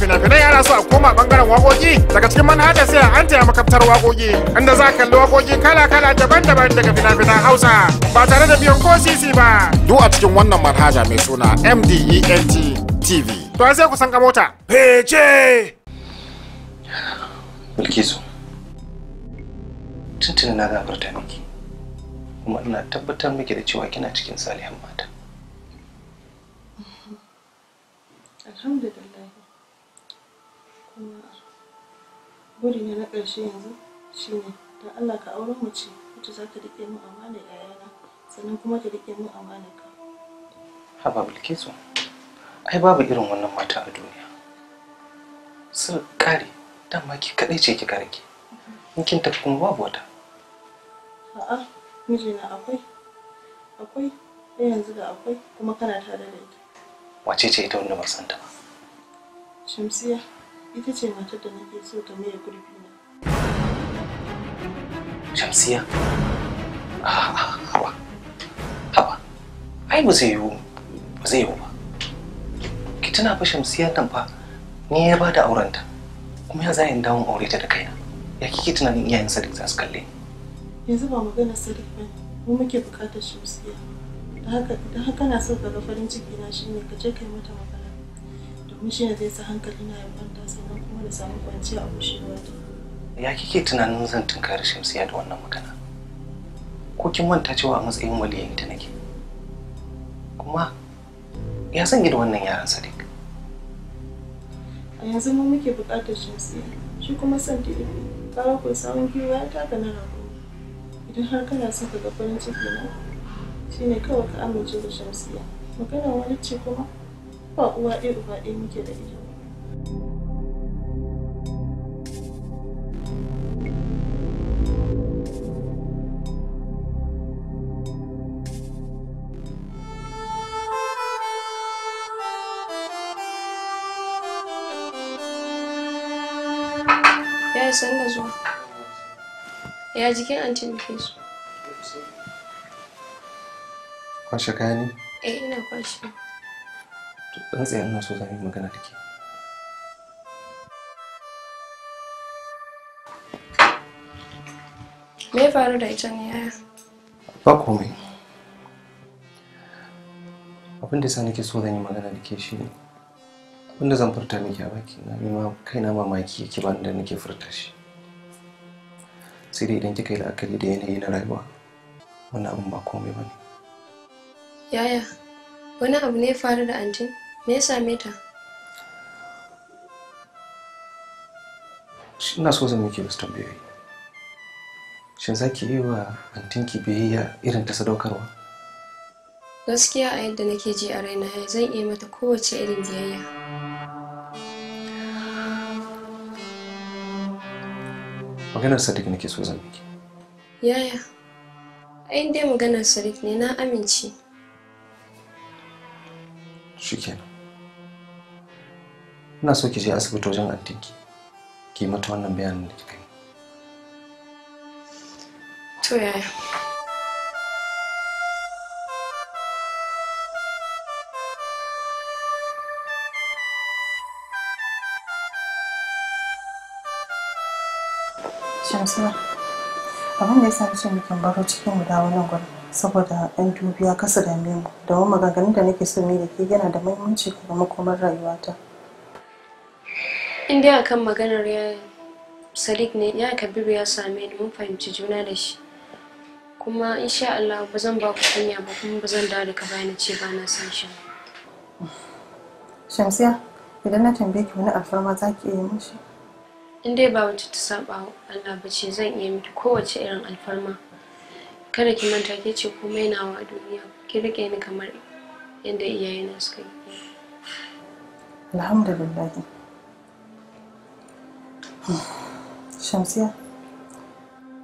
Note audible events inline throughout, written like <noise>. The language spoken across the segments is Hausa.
fina-finai ana su a koma bangaren wakoki daga cikin manhaja sai an taya makaftar wakoki inda za kalli wakoki kala-kala daban-daban daga fina-finan hausa ba tare da biyan ko sisi ba duk a cikin wannan manhaja mai suna mdent tv to sai ku san ka mota fece bilkisu tuntuni na miki kuma ina tabbatar miki da cewa kina cikin salihan mata alhamdulillah burina na ƙarshe yanzu shine don Allah ka auren mace wacce za ta riƙe min amana yayana sannan kuma ta riƙe min amana ka. Haba Bilkisu, ai babu irin wannan mata a duniya. Sun kare ma ki kaɗai ce ki rage. In kin tafi kuma babu wata. A'a, mijina akwai. Akwai, sai yanzu da akwai kuma kana tare da ita. Wace ce ita wanda ba san ta ba? Shamsiya. ita ce matar da nake so ta maye gurbi na. Shamsiya? Ah, ah, haba, haba, ai ba zai yiwu, ba zai ba. Ki fa Shamsiya nan fa ni ya bada aurenta, kuma ya zayin dawon aure ta da kaina. Ya kike tunanin iyayen Sadiq za su kalle ni? Yanzu ba magana Sadiq ba ne, mu muke bukatar Shamsiya. Da haka, da haka na so ka ga farin ciki na shine ka je kai mata magana. mishi da yasa hankali na ya kwanta sannan kuma da samu kwanciya a kushewa ta ya kike tunanin zan tunkari shamsiya da wannan magana ko kin manta cewa a matsayin waliyin ta nake kuma ya sanya da wannan yaran sadiq a yanzu mu muke buƙatar shamsiya shi kuma sadiq kawo ko sawun kiwo ya taka na rago idan har kana son ka ga farin ciki na shi ne kawai ka amince da shamsiya magana wani ce kuma ba uwa ɗaya uba ɗaya muke da ita Ya yi sanda zuwa. Ya jikin antin ke so. Kwashe kaya ne? Eh ina kwashe. to dan ina so zan yi magana da ke me ya faru da ita ne yaya ba komai abin da sa nake so zan yi magana da ke shi ne abin da zan furta miki a baki na ni ma kaina mamaki yake ba da nake furta shi sai dai idan kika yi la'akari da yanayi na rayuwa wani abin ba komai ba ne yaya wani abu ne ya faru da antin me ya same ta ina so zan miki wasu tambayoyi shin za ki yi wa antinki biyayya irin ta sadaukarwa gaskiya a yadda nake ji a raina zan iya mata kowace irin biyayya maganar sadiq nake so zan miki yaya ai dai maganar sadiq ne na amince shikenan ina so ki je asibiti wajen addinki ki mata wannan bayanin da kika yi to yaya abin da ya sa ce baro cikin mu dawo nan saboda ɗan dubiya kasa da mu da wani maganganun da nake so ne da ke yana da muhimmanci ga makomar rayuwata. in dai akan maganar ya sadiq ne ya kabiru ya same ni mun fahimci juna da shi kuma insha Allah ba zan ba ku kunya ba kuma ba zan dawo daga bayan ce ba na san shi Shamsiya idan na tambaye ki wani alfarma za ki iya mishi in dai ba wacce ta saba Allah ba ce zan iya miki kowace irin alfarma kada ki manta ke ce komai na wa duniya ki rike ni kamar yadda iyayena suka yi alhamdulillah <sighs> Shamsiya,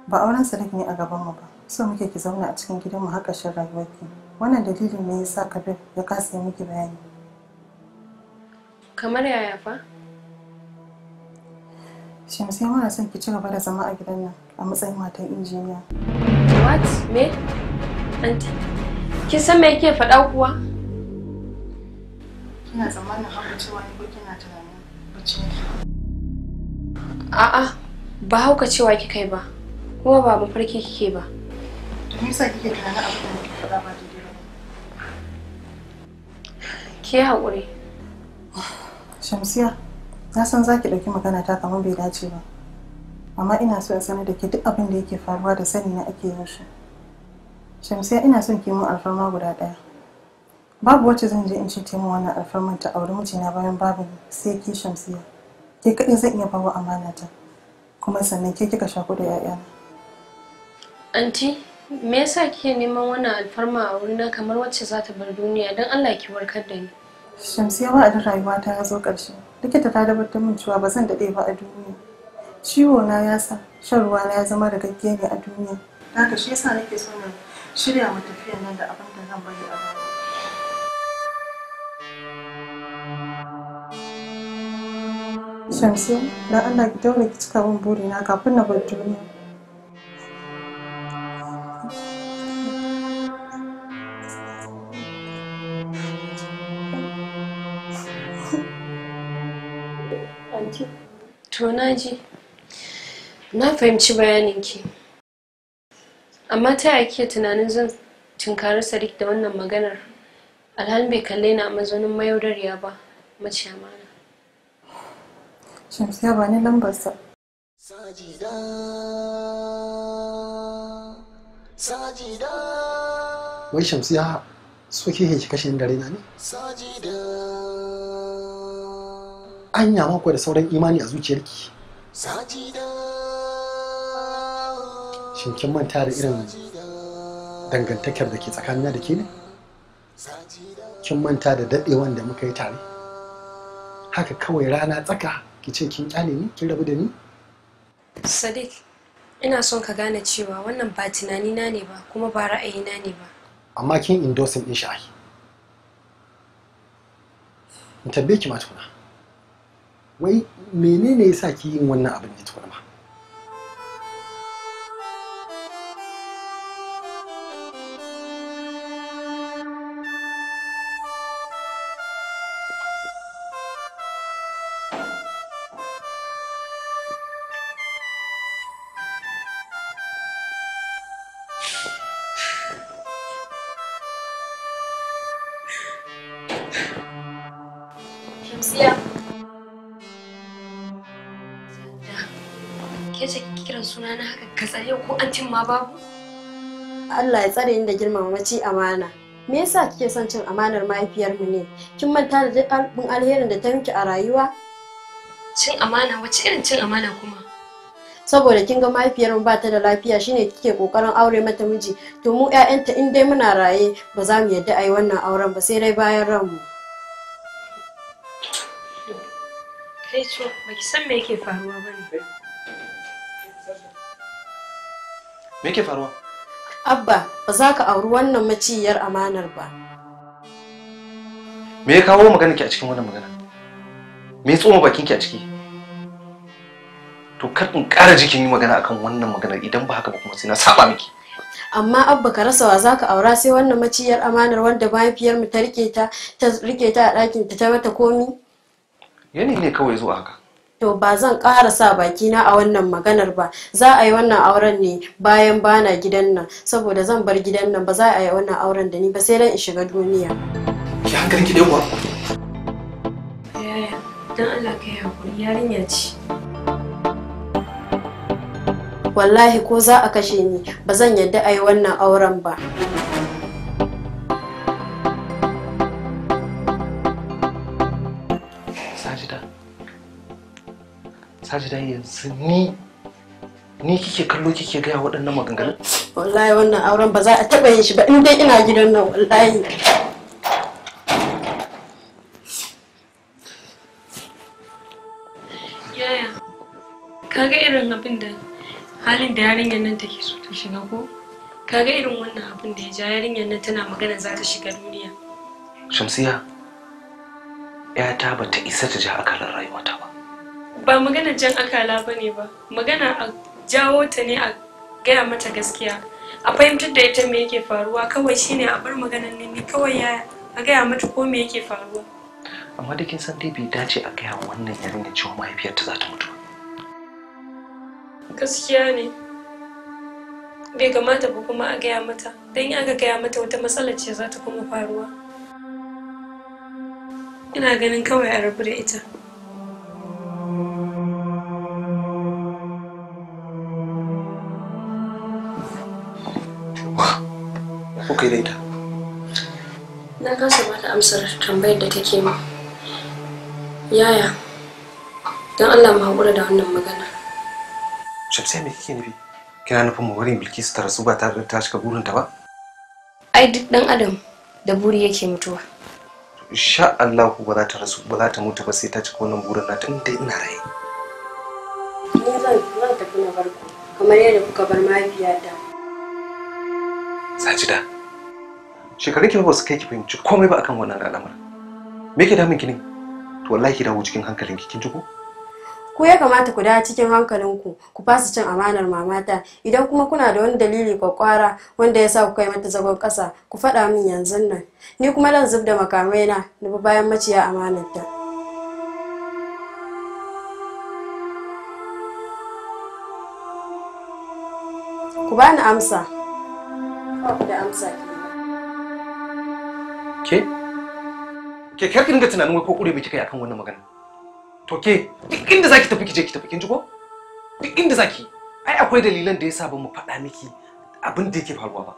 ba auren Sadiq ne a gabanmu ba, so muke ki zauna a cikin gidanmu har ƙarshen rayuwarki. Wannan dalilin ne yasa Kabir ya kasa yi miki bayani. Kamar yaya fa? Shamsiya muna son ki ci gaba da zama a gidan nan a matsayin matan injiniya. What? Me? Anti, Ki san me yake faɗa kuwa? Kina tsammanin hakan cewa ni ko kina tunanin bacci ne. A'a, ba hauka cewa kika yi ba, kuma ba mafarki kike ba. To me yasa kike tunanin abin da ba daidai ba? haƙuri. Shamsiya, na san za ki ɗauki magana ta kamar bai dace ba. Amma ina so in sanar da ke duk abin da yake faruwa da sani na ake yin shi. Shamsiya ina son ki mun alfarma guda ɗaya. Babu wacce zan je in ci taimawa wannan alfarmar ta auri mijina bayan babu sai ke Shamsiya. ke kaɗai zan iya bawa amana ta kuma sannan ke kika shaku da ‘ya'yana. Anti, me yasa kike neman wannan alfarma a wurina kamar wacce za ta bar duniya don Allah ki warkar da ni? Shamsiya da rayuwa ta ya zo ƙarshe. Likita ta dabarta min cewa ba zan daɗe ba a duniya. Ciwo na ya sa shan ruwa na ya zama da ne a duniya. Haka shi yasa nake so na shirya mu tafiya nan da abin da zan bari a baya. Shamsu, kafin na bar to na ji. Na fahimci bayaninki. Amma ta yaya kike tunanin zan tunkari Sadiq da wannan maganar? Alhan bai kalle na a mazaunin mayaudariya ba, mace amana. Shamsiya ba ni lambarsa. Sajida, sajida. Wai Shamsiya so kike ki kashe dare na ne? Sajida. Anya sauran imani a zuciyarki. Sajida. Shin kin manta da irin dangantakar da ke tsakanina da ke ne? Kin manta da daɗewan da muka yi tare? Haka kawai rana tsaka ki ce kin kyale ni kin rabu da ni sadiq ina son ka gane cewa wannan ba tunani na ne ba kuma ba na ne ba amma kin endorsing din shi in tambaye ki ma tukuna wai menene yasa ki yin wannan abin ne tukuna ma rana haka ka tsaye ko an cin ma babu Allah ya tsare ni da girmama amana me yasa kike son cin amanar mahaifiyarmu ne kin manta da duk alherin da ta miki a rayuwa cin amana wace irin cin amana kuma saboda kin ga mahaifiyarmu ba ta da lafiya shine kike kokarin aure mata miji to mu ƴaƴanta in dai muna raye ba za mu yadda ai wannan auren ba sai dai bayan ranmu kai ba ki san me yake faruwa bane me ke faruwa abba ba za ka auri wannan maciyar amanar ba me ya kawo magana ki a cikin wannan magana me ya tsoma bakin ki a ciki to kar in ƙara jikin yi magana akan wannan magana idan ba haka ba kuma sai na saba miki amma abba ka rasa wa ka aura sai wannan maciyar amanar wanda mahaifiyarmu ta rike ta ta rike ta a ɗakin ta ta mata komi yani ne kawai zuwa haka to ba zan ƙara sa bakina a wannan maganar ba za a yi wannan auren ne bayan bana gidan nan saboda zan bar gidan nan ba za a yi wannan auren da ni ba sai dan in shiga duniya ki hankali ki dawo yaya dan Allah yi hakuri yarinya ce wallahi ko za a kashe ni ba zan yadda a yi wannan auren ba sace da yanzu ni ni kike kallo kike gaya waɗannan maganganun wallahi wannan auren ba za a taɓa yin shi ba in dai ina gidan nan wallahi yaya kaga irin abin da halin da yarinyar nan take so ta shiga ko kaga irin wannan abin da ya ja yarinyar nan tana magana za ta shiga duniya shamsiya ta ba ta isa ta ji rayuwa ta ba ba magana jan akala ba ne ba magana a jawo ta ne a gaya mata gaskiya a fahimtar da ita me yake faruwa kawai shine a bar maganan ne ne kawai ya a gaya mata ko me yake faruwa amma da kin san dai bai dace a gaya wannan da cewa mahaifiyarta za ta mutu gaskiya ne bai kamata ba kuma a gaya mata don aka gaya mata wata matsala ce za ta kuma faruwa ina ganin kawai a rabu da ita da ita na kasa mata amsar tambayar da take mu yaya don allah mu haƙura da wannan magana shamsiyya me kike nufi kina nufin mu wurin bilkisu ta rasu ba tare da ta shiga burinta ba ai duk dan adam da buri yake mutuwa insha Allah ba za ta rasu ba za ta mutu ba sai ta cika wannan burin na tun inda ina raye ni zan zan tafi na barku kamar yadda kuka bar mahaifiya da sajida shekarun ki ba su kai ki fahimci komai ba akan wannan al'amar me yake damun ki ne to wallahi dawo cikin ki kin ji ko ku ya kamata ku dawo cikin hankalinku ku fasa cin amanar mamata idan kuma kuna da wani dalili kwakwara wanda ya sa ku kai mata zagon ƙasa ku faɗa min yanzu nan ni kuma zan zub da makamai na ba bayan maciya amanar ta ku bani amsa ku da amsa ke ke kar ki dinga tunanin wai ko kure bai kika akan wannan magana to ke duk inda zaki tafi ki je ki tafi kin ji ko duk inda zaki ai akwai dalilan da yasa ban mu faɗa miki abin da yake faruwa ba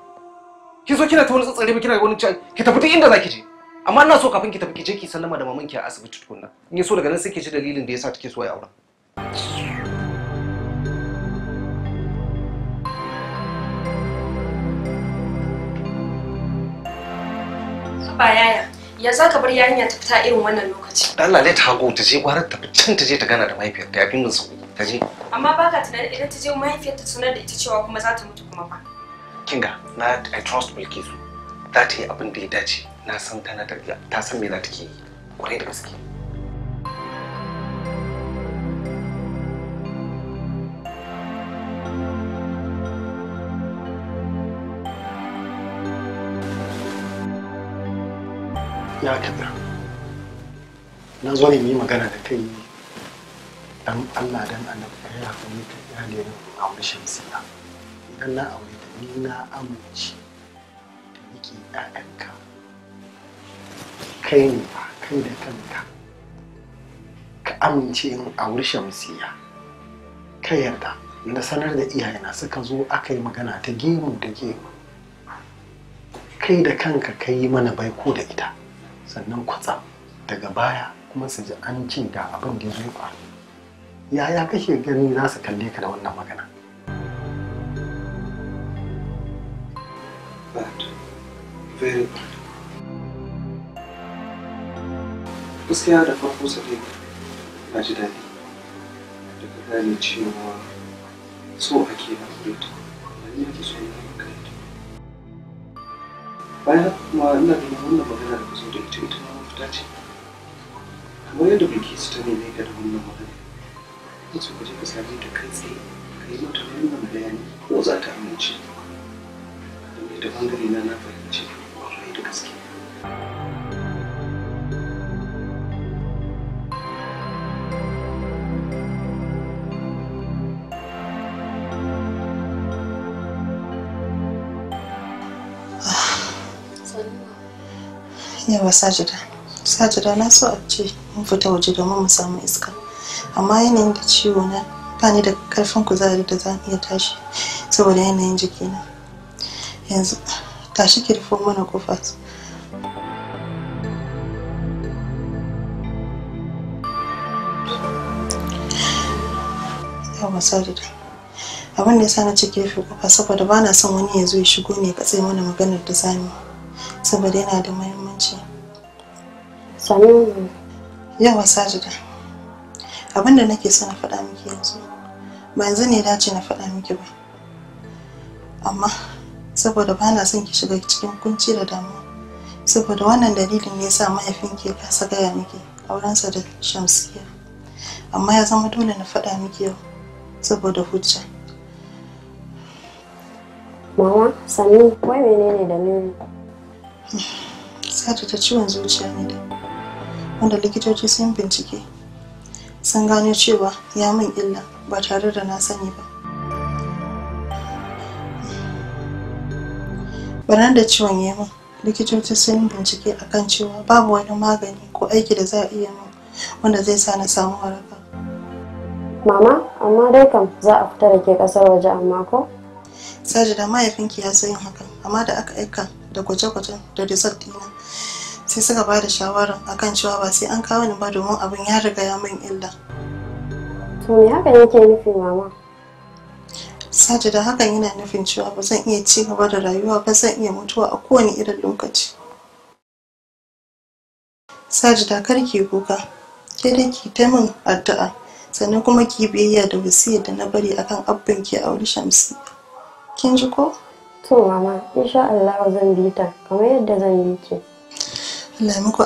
ki zo kina ta wani tsatsare ba kina wani ki tafi duk inda zaki je amma ina so kafin ki tafi ki je ki sallama da mamanki a asibiti tukunna in so daga nan sai ki ji dalilin da yasa take so ya aura Abba yaya, ya za bar yarinya ta fita irin wannan lokaci? dan dai ta hago ta je gwarar ta can ta je ta gana da mahaifiyarta ya fi min ta je. Amma baka tunani idan ta je mahaifiyarta sanar da ita cewa kuma za ta mutu kuma fa. Kinga, na I trust Bilkisu. Za ta yi abin da ya dace. Na san tana ta san me za ta ke yi. Kwarai da gaske. ya kaɗa na zo ne yi magana da kai dan allah dan Allah ka yi hakuri ka a aure shamsiya idan na aure ta ni na amince da nake ƴaƴanka kai ne ba kai da kanka ka amince in aure shamsiya ka yarda na sanar da iyayena suka zo aka yi magana ta gemu da gemu kai da kanka ka yi mana baiko da ita sannan kwatsa daga baya kuma su ji an ci ga abin da zai faru yaya kake gani za su kalle ka da wannan magana bad very gaskiya da farko na ji daɗi da ka gane cewa so ake na kure ta da ni ake so bayan kuma ina ganin wannan magana da zo da ita ita ma mafita ce kamar yadda bilkisu ta neme ka da wannan magana wasu so ka je ka ta kai tsaye ka yi mata wannan bayani ko za ta amince da ita bangare na na fahimci kwarai da gaske yawa sajida sajida na so a ce mun fita waje domin mu samu iska amma yanayin da ciwo na ba ni da karfin kuzari da zan iya tashi saboda yanayin jikina yanzu tashi ki rufo mana kofa yawa sajida abin da yasa na ci gefe kofa saboda ba na son wani ya zo ya shigo ne ya katse mana maganar da zamu saboda yana da mahimmanci Sannu. Yawa Sajida. abinda da nake so na faɗa miki yanzu. Ba yanzu ne dace na faɗa miki ba. Amma saboda ba na son ki shiga cikin kunci da damuwa. Saboda wannan dalilin ne yasa mahaifin ke kasa gaya miki aurensa da Shamsiya. Amma ya zama dole na faɗa miki yau saboda hujja. Mama, sannu, wai menene dalilin? Sadu ta ciwon zuciya ne da. wanda likitoci sun bincike sun gano cewa ya min illa ba tare da na sani ba baran da ciwon ya min likitoci sun bincike akan cewa babu wani magani ko aiki da za a iya min wanda zai sa na samu waraka mama amma dai kam za a fita da ke kasar waje amma ko sajida mahaifinki ya sa yin hakan amma da aka aika da gwaje-gwajen da result dina sai suka ba da shawarar akan cewa ba sai an kawo ni ba domin abin ya riga ya min illa. To me hakan yake nufin, mama? Saje da hakan yana nufin cewa ba zan iya ci gaba da rayuwa ba zan iya mutuwa a kowane irin lokaci. Saje da ki kuka, ke dai ki ta min addu'a sannan kuma ki biyayya da wasiyar da na bari akan abban ki a wuri shamsi. Kin ji ko? To mama, insha Allah zan bi ta kamar yadda zan yi ki. Allah ya muku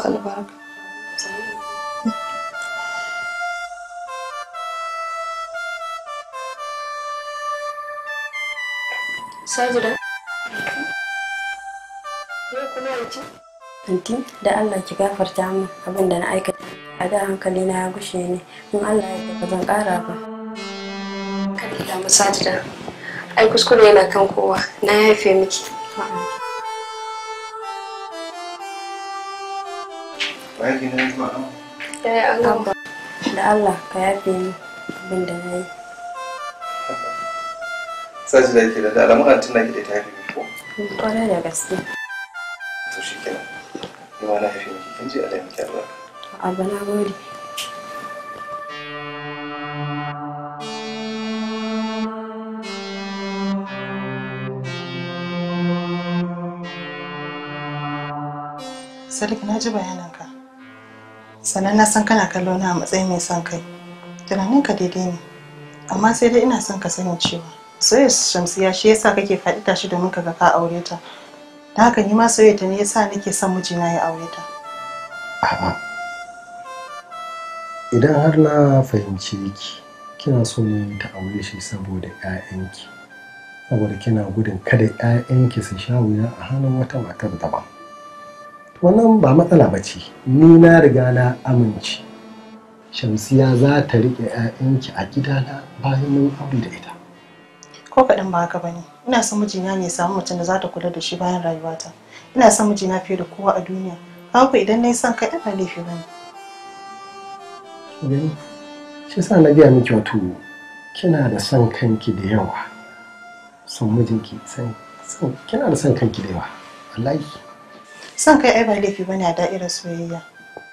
Anti, da Allah ki gafarta min abin da na aikata. A da hankali na ya gushe ne, in Allah ya ba zan ƙara ba. Kada ki damu Sadura. Ai kuskure yana kan kowa, na yafe miki. Ba ki nan zuwa eh, nan? an gama. Da Allah ka yafe ni abin da na yi. Sashi da yake da da alamun antin naki da ta haife ki ko? Kwarai da gaske. To shi kenan. Ni ma na haife miki kin ji Allah ya miki albarka. Abba na gode. Sadiq na ji bayaninka. sannan na san kana kallo na a matsayin mai son kai tunaninka daidai ne amma sai dai ina son ka sani cewa soyayya shamsiya shi yasa kake faɗi tashi domin ka ga ka aure ta da haka ni ma soyayya ta ne yasa nake son mijina ya aure ta a'a idan har na fahimci ki kina so ne ta aure shi saboda 'ya'yanki saboda kina gudun kada 'ya'yanki su sha wuya a hannun wata matar daban wannan ba matsala ba ce ni na riga na amince shamsiya za ta riƙe 'ya'yanki a gidana bayan mun aure da ita ko kaɗan ba haka bane ina son mijina ne ya samu mutum da za ta kula da shi bayan rayuwata ina son mijina fiye da kowa a duniya haka idan na yi son kai ba laifi ba ne shi sa na gaya miki wato kina da son kanki da yawa son mijinki son kina da son kanki da yawa wallahi son kai ai ba laifi bane a da'irar soyayya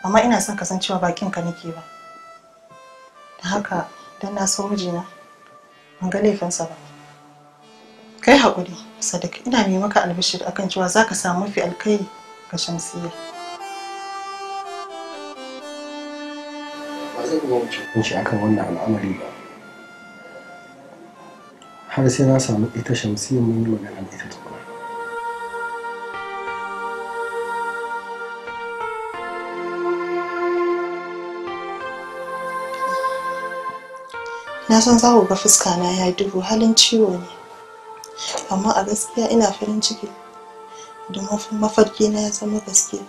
amma ina son kasancewa bakin ka nake ba da haka dan na so mijina ban ga laifinsa ba kai haƙuri sadiq ina mai maka albishir akan cewa za ka samu mafi alkai ga shamsiyya ba zai kuma shi akan wannan al'amari ba har sai na samu ita shamsiyya mun yi magana ita tukun na san za ku ga fuska na ya duhu halin ciwo ne amma a gaskiya ina farin ciki domin mafarki na ya zama gaskiya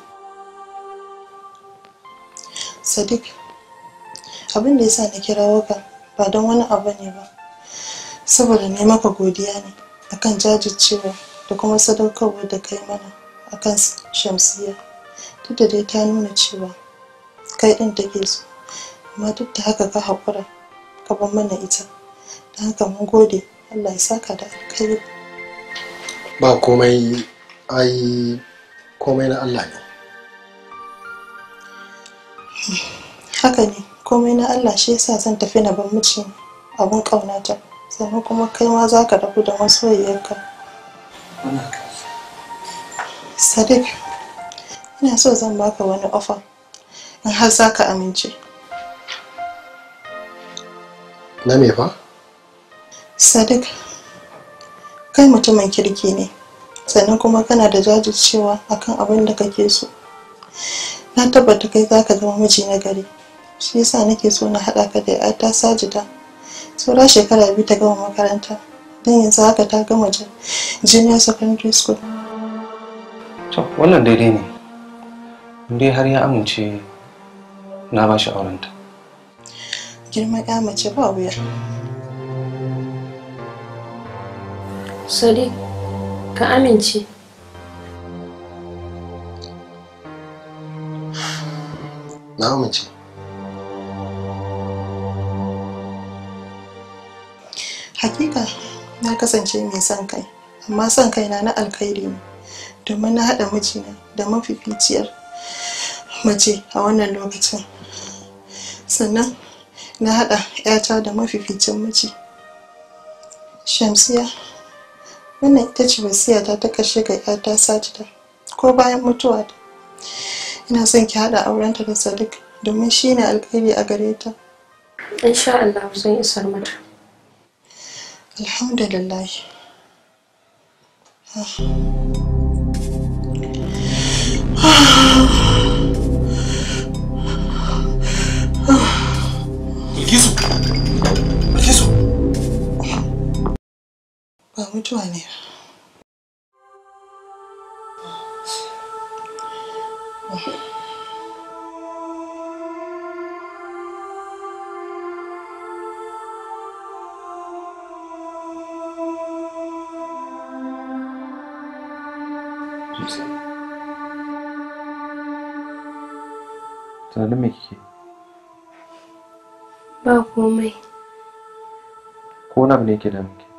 sadiq abin da sa na kira waka ba don wani abu ne ba saboda ne maka godiya ne akan jajircewa da kuma sadaukarwa da kai mana akan shamsiya duk da dai ta nuna cewa kai ɗin take so amma duk da haka ka haƙura ka bar mana ita don haka mun gode Allah ya saka da alkhairi ba komai ai komai na Allah ne haka ne komai na Allah shi yasa zan tafi na bar miji abun kaunata sannan kuma kai ma za ka rabu da masoyiyarka sadiq ina so zan baka wani ofa in har za ka amince Na me fa? Sadiq, kai mutumin kirki ne, sannan kuma kana da jajircewa akan abin da kake so. Na tabbata kai za ka zama miji na gari, shi yasa nake so na haɗa ka da ‘yata Sajida. Saura shekara biyu ta gama makaranta, don yanzu haka ta gama junior secondary school. To, wannan daidai ne, dai har ya amince na ba shi aurenta. girman ya mace ba wuya sadiq ka amince na amince hakika na kasance mai son kai amma son kai na alkhairi ne domin na haɗa mijina da mafificiyar mace a wannan lokacin sannan na haɗa 'yata da mafificin miji shamsiya wannan ita ce wasiyata ta kashe ga 'yata satida ko bayan mutuwa ta ina son ki haɗa aurenta da sadiq domin shi ne alkhairi a gare ta insha Allah zan isar mata alhamdulillah ah. 좋아하네요. 어. ba komai ko na ne ke da miki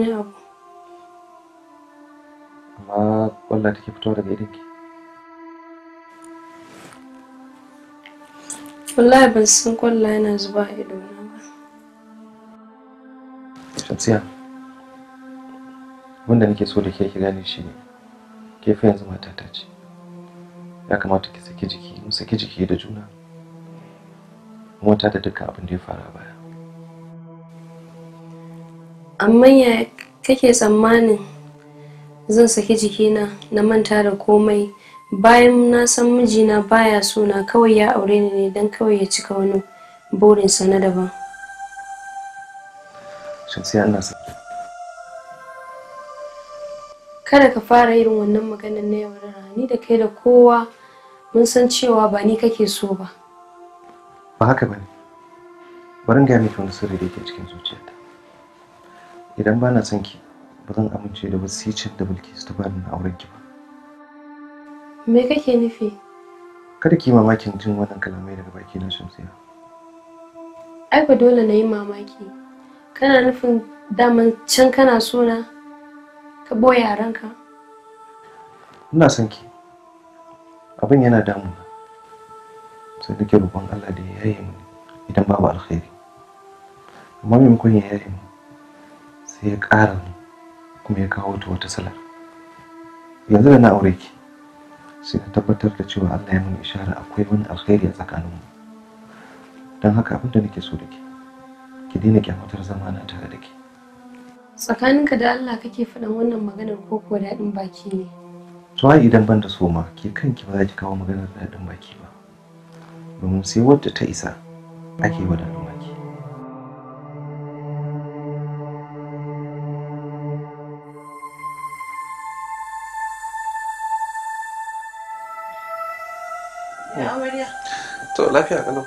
wani abu amma kwallon take fitowa daga idanki wallahi ban san kwallon yana zuba a idona ba shamsiya abinda nake so da ke ki gane shi ne ke fa yanzu matata ce ya kamata ki saki jiki mu saki jiki da juna mota da duka abin da ya fara baya amma ya kake tsammanin zan saki jikina na manta da komai bayan na san mijina baya so na kawai ya aure ni ne don kawai ya cika wani burinsa na daban kada ka fara irin wannan maganar na yau da rani da kai da kowa mun san cewa ba ni kake so ba ba haka ba ne bari gaya miki wani sirri da yake cikin zuciyarta. idan ba na son ki ba zan amince da wasicin da bilkisu ta ba na auren ki ba me kake nufi kada ki mamakin jin wannan kalamai daga baki na shamsiya ai ba dole na yi mamaki kana nufin daman can kana suna ka boye yaranka ina son ki abin yana damuna sai duke roƙon Allah da ya yaye mu idan babu alkhairi amma maimakon ya yaye mu sai ya ƙara kuma ya kawo ta wata salar yanzu da na aure ki sai na tabbatar da cewa Allah ya mun ishara akwai wani alkhairi a mu don haka abin da nake so da ke ki daina kyamatar zamana tare da ke tsakaninka da Allah kake faɗin wannan maganar ko kuwa daɗin baki ne to ai idan ban da so ma ke kanki ba za ki kawo maganar daɗin baki ba domin sai wadda ta isa ake wa to lafiya Kano?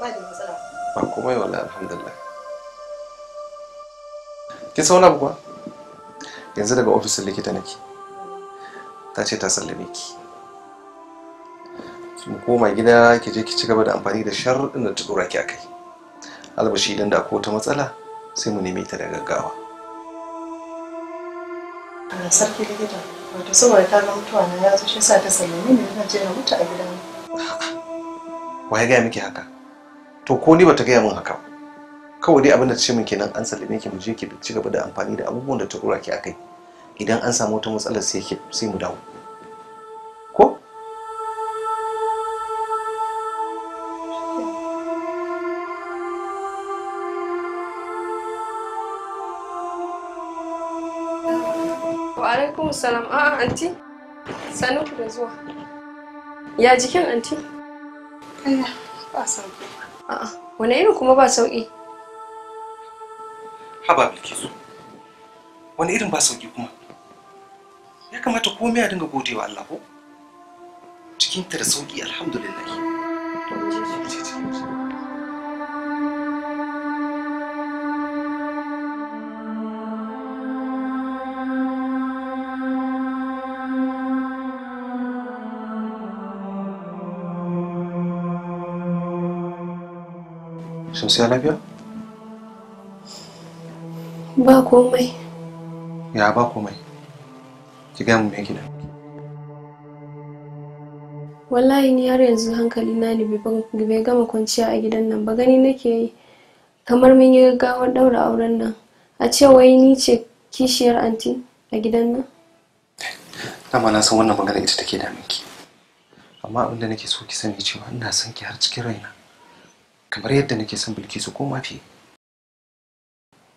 ba da matsala ba komai wallahi alhamdulillah kin san wani kuwa yanzu daga ofisin likita nake ta ce ta sallame ki mu koma gida ki je ki ci gaba da amfani da sharɗin da ta dora ki akai albashi idan da akwai wata matsala sai mu neme ta da gaggawa sarki likita wato saboda ta ga mutuwa na ya zo shi sa ta sallame ni na je na mutu a gidan Wa ya gaya miki haka? To ko ni bata gaya min haka Kawai dai abin da ta ce min kenan an sallame ki mu je ki ci gaba da amfani da abubuwan da ta dora ki akai. Idan an samu wata matsalar sai ki sai mu dawo. Ko? Wa alaikum salam. A'a anti. Sanu ku da zuwa. Ya jikin anti? Allah, ba sauki. A'a, wani irin kuma ba sauki? Haba Bilkisu. Wani irin ba sauki kuma? Ya kamata komai a dinga godewa Allah ko? Cikinta da sauki alhamdulillah. sosai lafiya? Ba komai. Ya ba komai. Ki gaya mu me gida. Wallahi ni har yanzu hankali na ne bai gama kwanciya a gidan nan ba gani nake yi kamar mun yi gaggawar daura auren nan. A ce wai ni ce kishiyar anti a gidan nan? Dama na san wannan magana ita take daminki. Amma abin da nake so ki sani cewa ina son ki har cikin raina. kamar yadda nake son bilkisu ko mafi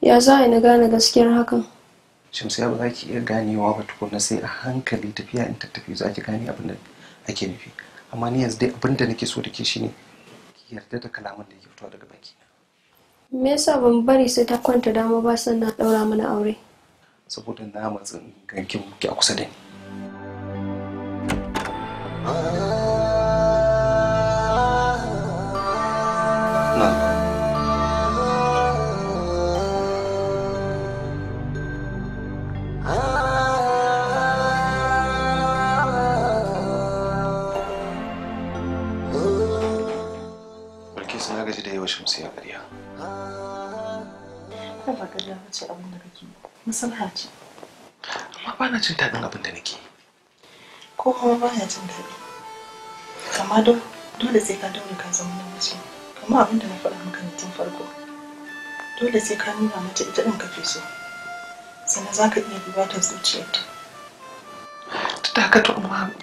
ya za a na gane gaskiyar hakan shamsiya ba za ki iya ganewa ba tukuna sai a hankali tafiya in tattafi za ki gane abin da ake nufi amma ni yanzu dai abin da nake so da ke ne ki yarda da kalaman da ke fitowa daga baki me yasa ban bari sai ta kwanta dama ba sannan daura mana aure saboda na matsin gankin ki a kusa da ni ah. shamsu ya ƙarya. Kai ba ƙarya ba ce abin da kake musulha ce. Amma ba na jin daɗin abin da nake. Ko kuma ba na jin daɗi. Kama dole sai ka daure ka zama namiji. Kama abin da na faɗa maka na tun farko. Dole sai ka nuna mata ita ɗin kafe so. Sannan za ka iya dubatar zuciyarta. Ta haka ta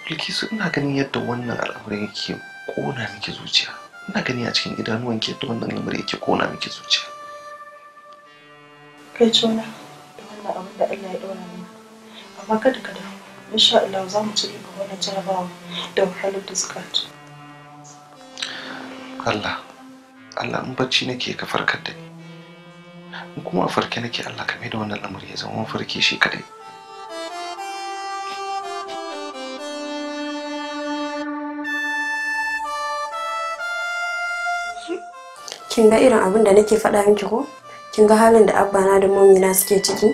Bilkisu ina ganin yadda wannan al'amuran yake ƙona miki zuciya. ina gani a cikin idanuwan ke da wannan lamarin yake kona miki zuciya kai tsona da wannan abin da Allah ya dora mana amma kada ka damu insha Allah za mu ci gaba da jarabawa da wahalar da suka ci Allah Allah in bacci nake ka farkar da ni in kuma a farke nake Allah ka mai da wannan lamarin ya zama farke shi kadai kin ga irin abin da nake faɗa miki ko kin ga halin da abba na da na suke ciki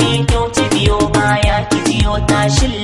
mai kyau ki biyo baya ki jiyo tashin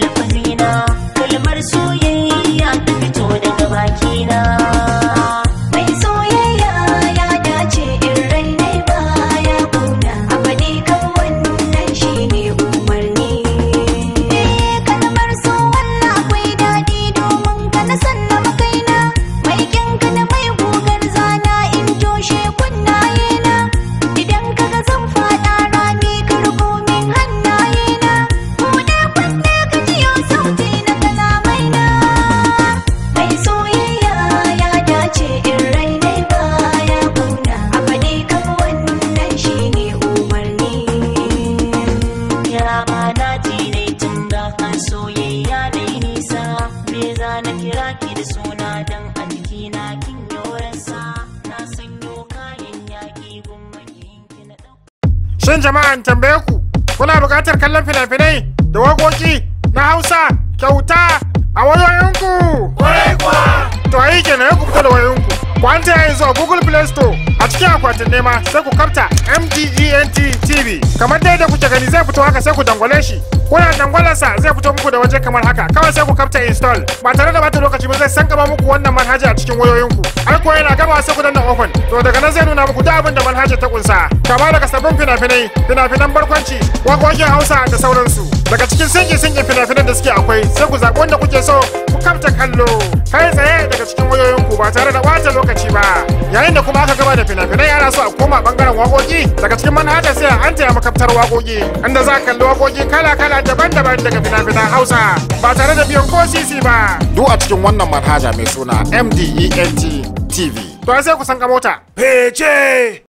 Shin in tambaye ku kuna buƙatar kallon fina-finai da waƙoƙi na Hausa kyauta a wayoyinku? Kwarai kuwa! To a yi kenan ya ku fito da wayoyinku. ku an taya yanzu a Google Play Store a cikin akwatin nema sai ku karta MDENT TV kamar dai da kuke gani zai fito haka sai ku dangwale shi kuna dangwalar sa zai fito muku da waje kamar haka kawai sai ku karta install ba tare da bata lokaci ba zai san gaba muku wannan manhaja a cikin wayoyinku har ko yana gaba sai ku danna open to daga nan zai nuna muku duk abin da manhaja ta kunsa kama daga sabbin fina-finai fina-finan barkwanci waƙoƙin Hausa da sauransu. daga cikin singi-singin fina-finan da suke akwai sai ku zaɓi wanda kuke so ku kamta kallo kai tsaye daga cikin wayoyinku ba tare da wata lokaci ba yayin da kuma aka gaba da fina-finai ana so a koma ɓangaren wakoki, daga cikin manhajar sai an taya makaftar wakoki. inda za kalli wakoki kala-kala daban-daban daga fina-finan hausa ba tare da biyan ko sisi ba duk a cikin wannan manhaja mai suna mdent tv to sai ku san ka mota fece